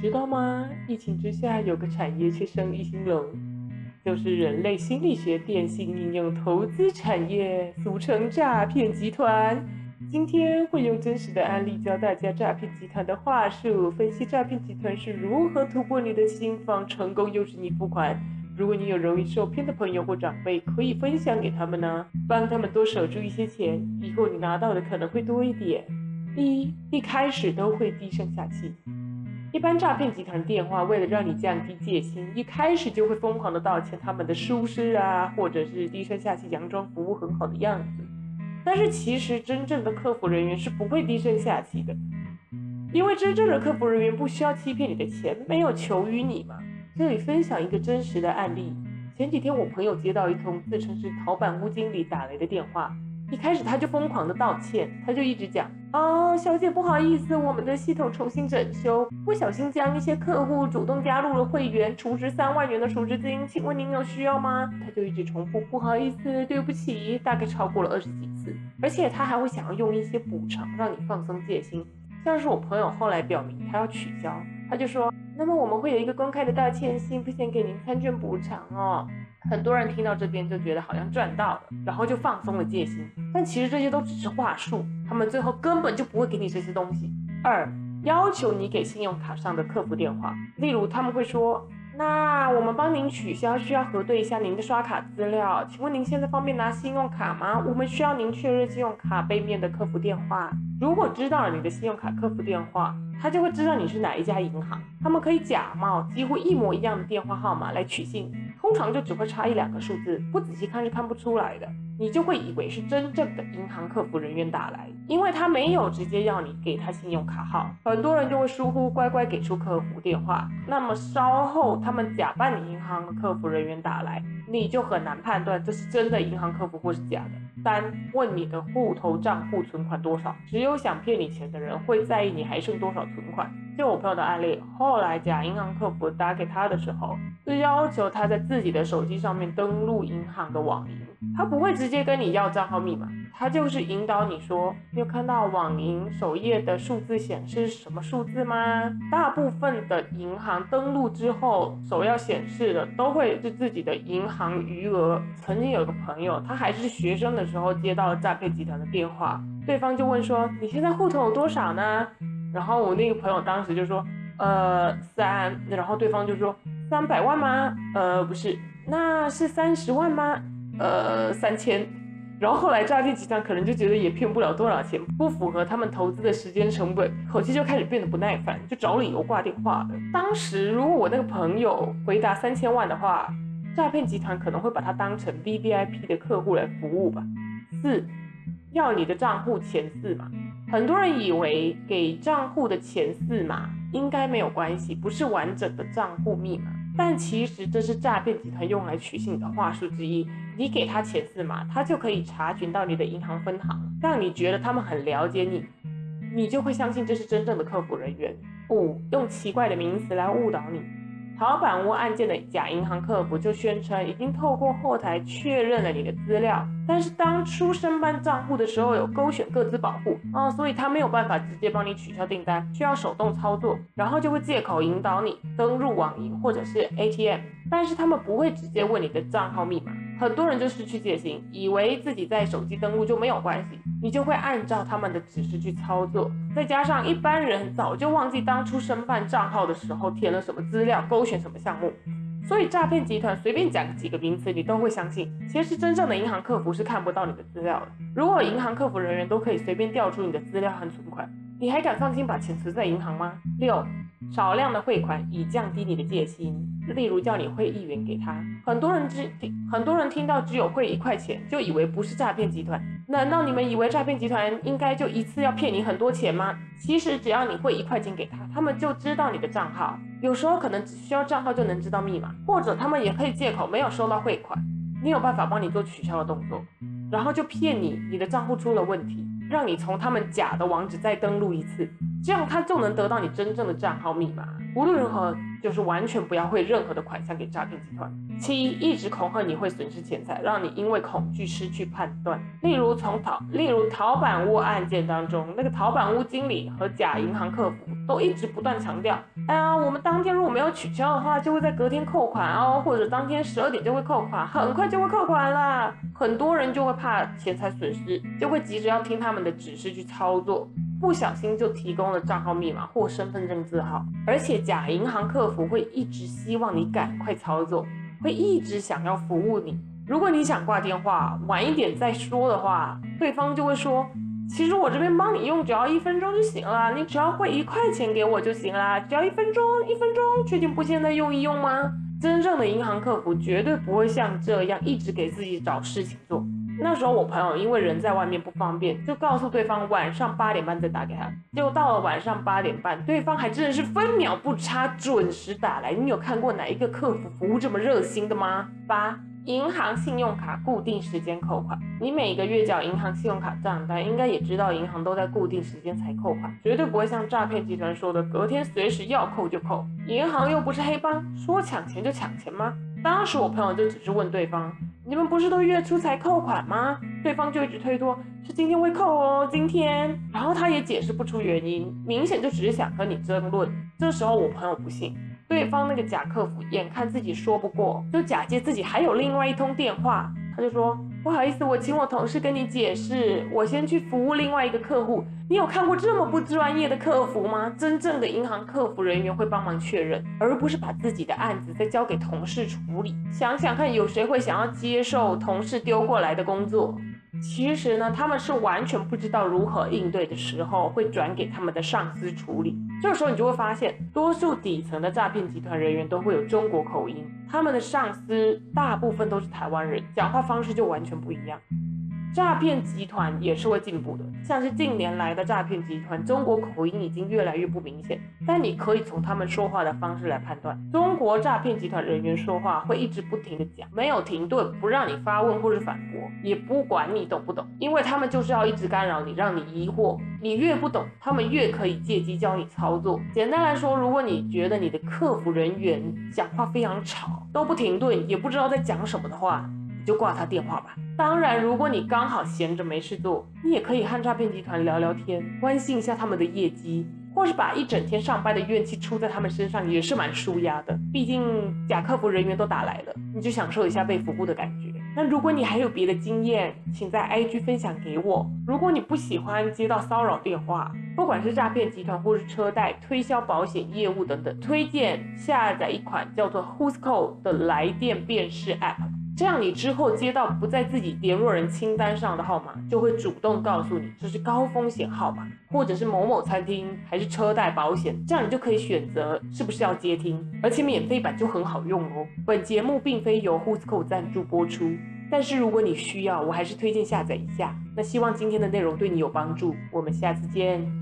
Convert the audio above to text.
知道嗎？疫情之下有個產業卻生意興隆，就是人類心理學電信應用投資產業，俗稱詐騙集團。今天會用真實的案例教大家詐騙集團的話術，分析詐騙集團是如何突破你的心防，成功誘使你付款。如果你有容易受騙的朋友或長輩，可以分享給他們呢，幫他們多守住一些錢，以後你拿到的可能會多一點。第一，一開始都會低聲下氣。一般詐騙集團電話為了讓你降低戒心，一開始就會瘋狂的道歉，他們的疏失啊，或者是低聲下氣，佯裝服務很好的樣子。但是其實真正的客服人員是不會低聲下氣的，因為真正的客服人員不需要欺騙你的錢，沒有求於你嘛。這裡分享一個真實的案例，前幾天我朋友接到一通自稱是陶板屋經理打來的電話。一開始他就瘋狂地道歉，他就一直講哦，小姐不好意思，我們的系統重新整修，不小心將一些客戶主動加入了會員，儲值三萬元的儲值金，請問您有需要嗎？他就一直重複不好意思，對不起，大概超過了二十幾次，而且他還會想要用一些補償讓你放鬆戒心，像是我朋友後來表明他要取消，他就說那麼我們會有一個公開的道歉信，提前給您餐券補償哦。很多人聽到這邊就覺得好像賺到了，然後就放鬆了戒心。但其實這些都只是話術，他們最後根本就不會給你這些東西。二，要求你給信用卡上的客服電話。例如，他們會說：“那我們幫您取消，需要核對一下您的刷卡資料，請問您現在方便拿信用卡嗎？我們需要您確認信用卡背面的客服電話。如果知道了你的信用卡客服電話，他就會知道你是哪一家銀行，他們可以假冒幾乎一模一樣的電話號碼來取信你。”通常就只會差一兩個數字，不仔細看是看不出來的，你就會以為是真正的銀行客服人員打來，因為他沒有直接要你給他信用卡號，很多人就會疏忽，乖乖給出客服電話，那麼稍後他們假扮你銀行客服人員打來。你就很難判斷這是真的銀行客服或是假的。三，問你的戶頭賬戶存款多少？只有想騙你錢的人會在意你還剩多少存款。就我朋友的案例，後來假銀行客服打給他的時候，就要求他在自己的手機上面登錄銀行的網銀。他不會直接跟你要賬號密碼，他就是引導你說，你有看到網銀首頁的數字顯示什麼數字嗎？大部分的銀行登錄之後，首要顯示的都會是自己的銀行。餘額。曾經有一個朋友，他還是學生的時候接到了詐騙集團的電話，對方就問說：“你現在戶頭有多少呢？”然後我那個朋友當時就說：“呃，三。”然後對方就說：“三百萬嗎？呃，不是，那是三十萬嗎？呃，三千。”然後後來詐騙集團可能就覺得也騙不了多少錢，不符合他們投資的時間成本，口氣就開始變得不耐煩，就找理由掛電話了。當時如果我那個朋友回答三千萬的話，詐騙集團可能會把它當成 VVIP 的客戶來服務吧。四，要你的賬戶前四碼。很多人以為給賬戶的前四碼應該沒有關係，不是完整的賬戶密碼。但其實這是詐騙集團用來取信你的話術之一。你給他前四碼，他就可以查詢到你的銀行分行，讓你覺得他們很了解你，你就會相信這是真正的客服人員。五，用奇怪的名詞來誤導你。陶板屋案件的假銀行客服就宣稱已經透過後台確認了你的資料，但是當初申辦賬戶的時候有勾選個資保護啊、哦，所以他沒有辦法直接幫你取消訂單，需要手動操作，然後就會借口引導你登錄網銀或者是 ATM，但是他們不會直接問你的賬號密碼，很多人就失去戒心，以為自己在手機登錄就沒有關係。你就會按照他們的指示去操作，再加上一般人早就忘記當初申辦賬號的時候填了什麼資料，勾選什麼項目，所以詐騙集團隨便講幾個名詞，你都會相信。其實真正的銀行客服是看不到你的資料的，如果銀行客服人員都可以隨便調出你的資料和存款，你還敢放心把錢存在銀行嗎？六，少量的匯款以降低你的戒心。例如叫你匯一元給他，很多人只聽很多人聽到只有匯一塊錢，就以為不是詐騙集團。難道你們以為詐騙集團應該就一次要騙你很多錢嗎？其實只要你匯一塊錢給他，他們就知道你的賬號。有時候可能只需要賬號就能知道密碼，或者他們也可以借口沒有收到匯款，你有辦法幫你做取消的動作，然後就騙你，你的賬戶出了問題，讓你從他們假的網址再登錄一次。這樣他就能得到你真正的賬號密碼。無論如何，就是完全不要匯任何的款項給詐騙集團。七，一直恐嚇你會損失錢財，讓你因為恐懼失去判斷。例如從淘，例如淘寶屋案件當中，那個淘寶屋經理和假銀行客服都一直不斷強調，哎呀，我們當天如果沒有取消的話，就會在隔天扣款哦，或者當天十二點就會扣款，很快就會扣款啦。」很多人就會怕錢財損失，就會急着要聽他們的指示去操作。不小心就提供了賬號密碼或身份證字號，而且假銀行客服會一直希望你趕快操作，會一直想要服務你。如果你想掛電話，晚一點再說的話，對方就會說：“其實我這邊幫你用，只要一分鐘就行了，你只要匯一塊錢給我就行啦，只要一分鐘，一分鐘，確定不現在用一用嗎？”真正的銀行客服絕對不會像這樣一直給自己找事情做。那時候我朋友因為人在外面不方便，就告訴對方晚上八點半再打給他。結果到了晚上八點半，對方還真的是分秒不差準時打來。你有看過哪一個客服服務這麼熱心的嗎？八，銀行信用卡固定時間扣款。你每個月繳銀行信用卡賬單，應該也知道銀行都在固定時間才扣款，絕對不會像詐騙集團說的隔天隨時要扣就扣。銀行又不是黑幫，說搶錢就搶錢嗎？當時我朋友就只是問對方。你們不是都月初才扣款嗎？對方就一直推脫，是今天會扣哦，今天。然後他也解釋不出原因，明顯就只是想和你爭論。這時候我朋友不信，對方那個假客服眼看自己說不過，就假借自己還有另外一通電話，他就說。不好意思，我請我同事跟你解釋，我先去服務另外一個客戶。你有看過這麼不專業的客服嗎？真正的銀行客服人員會幫忙確認，而不是把自己的案子再交給同事處理。想想看，有誰會想要接受同事丟過來的工作？其實呢，他們是完全不知道如何應對的時候，會轉給他們的上司處理。這時候你就會發現，多數底層的詐騙集團人員都會有中國口音，他們的上司大部分都是台灣人，講話方式就完全不一樣。詐騙集團也是會進步的，像是近年來的詐騙集團，中國口音已經越來越不明顯。但你可以從他們說話的方式來判斷，中國詐騙集團人員說話會一直不停地講，沒有停頓，不讓你發問或是反駁，也不管你懂不懂，因為他們就是要一直干擾你，讓你疑惑。你越不懂，他們越可以借機教你操作。簡單來說，如果你覺得你的客服人員講話非常吵，都不停頓，也不知道在講什麼的話。就掛他電話吧。當然，如果你剛好閒着沒事做，你也可以和詐騙集團聊聊天，關心一下他們的業績，或是把一整天上班的怨氣出在他們身上，也是蠻舒壓的。畢竟假客服人員都打來了，你就享受一下被服務的感覺。那如果你還有別的經驗，請在 IG 分享給我。如果你不喜歡接到騷擾電話，不管是詐騙集團或是車貸推銷保險業務等等，推薦下載一款叫做 Whoscall 的來電辨識 App。這樣，你之後接到不在自己聯絡人清單上的號碼，就會主動告訴你這是高風險號碼，或者是某某餐廳，還是車貸保險，這樣你就可以選擇是不是要接聽。而且免費版就很好用哦。本節目並非由 Whoscall 贊助播出，但是如果你需要，我還是推薦下載一下。那希望今天的內容對你有幫助，我們下次見。